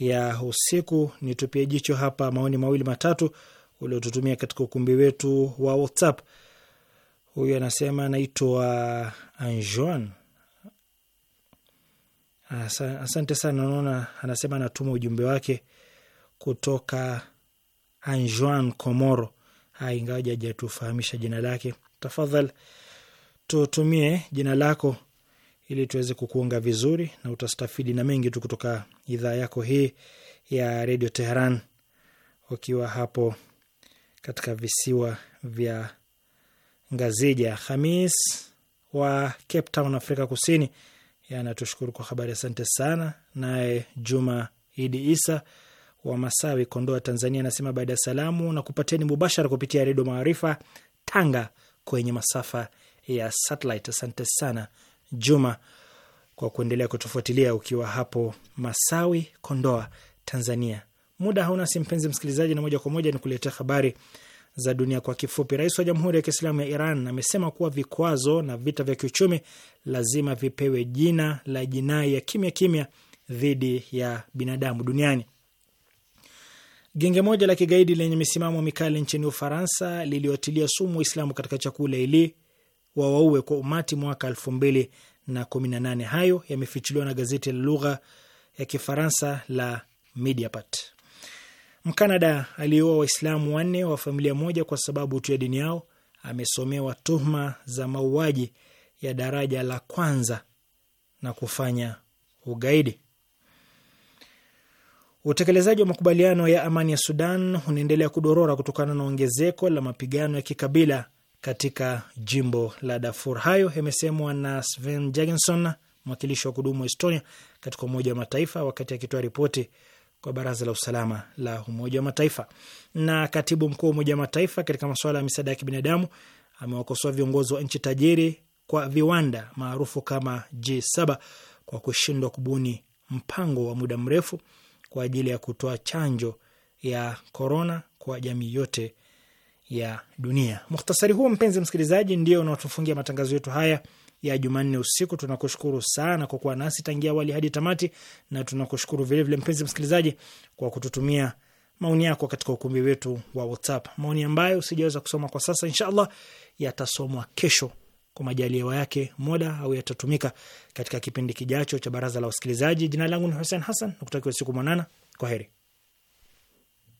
S1: ya usiku. Nitupie jicho hapa maoni mawili matatu uliotutumia katika ukumbi wetu wa WhatsApp. Huyu anasema anaitwa Anjoan, asante sana. Naona anasema anatuma ujumbe wake kutoka Anjoan, Komoro. Hai, ah, ingawaji hajatufahamisha jina lake. Tafadhali tutumie jina lako ili tuweze kukuunga vizuri na utastafidi na mengi tu kutoka idhaa yako hii ya redio Teheran ukiwa hapo katika visiwa vya Ngazija. Hamis wa Cape Town, Afrika Kusini, anatushukuru kwa habari, asante sana. Naye Juma Idi Isa wa Masawi, Kondoa, Tanzania, anasema baada ya salamu na kupateni mubashara kupitia redio Maarifa Tanga kwenye masafa ya satellite. Asante sana Juma kwa kuendelea kutufuatilia ukiwa hapo Masawi, Kondoa, Tanzania. Muda hauna si, mpenzi msikilizaji, na moja kwa moja ni kuletea habari za dunia kwa kifupi. Rais wa Jamhuri ya Kiislamu ya Iran amesema kuwa vikwazo na vita vya kiuchumi lazima vipewe jina la jinai ya kimya kimya dhidi ya binadamu duniani. Genge moja la kigaidi lenye misimamo mikali nchini Ufaransa liliotilia sumu Waislamu katika chakula ili wawaue kwa umati mwaka elfu mbili na kumi na nane. Hayo yamefichuliwa na gazeti la lugha ya Kifaransa la Mediapart. Mkanada aliyeua Waislamu wanne wa familia moja kwa sababu tu ya dini yao amesomewa tuhuma za mauaji ya daraja la kwanza na kufanya ugaidi. Utekelezaji wa makubaliano ya amani ya Sudan unaendelea kudorora kutokana na ongezeko la mapigano ya kikabila katika jimbo la Darfur. Hayo yamesemwa na Sven Jagenson, mwakilishi wa kudumu wa Estonia katika Umoja wa Mataifa wakati akitoa ripoti kwa Baraza la Usalama la Umoja wa Mataifa. Na katibu mkuu wa Umoja wa Mataifa katika masuala ya misaada ya kibinadamu amewakosoa viongozi wa nchi tajiri kwa viwanda maarufu kama G7 kwa kushindwa kubuni mpango wa muda mrefu kwa ajili ya kutoa chanjo ya korona kwa jamii yote ya dunia. Mukhtasari huo mpenzi msikilizaji, ndio unaotufungia matangazo yetu haya ya Jumanne usiku. Tunakushukuru sana kwa kuwa nasi tangia awali hadi tamati, na tunakushukuru vilevile mpenzi msikilizaji kwa kututumia maoni yako katika ukumbi wetu wa WhatsApp, maoni ambayo sijaweza kusoma kwa sasa. Inshallah yatasomwa kesho kwa majaliwa yake Mola, au yatatumika katika kipindi kijacho cha baraza la wasikilizaji. Jina langu ni Hussein Hassan, nakutakia siku mwanana. Kwa heri.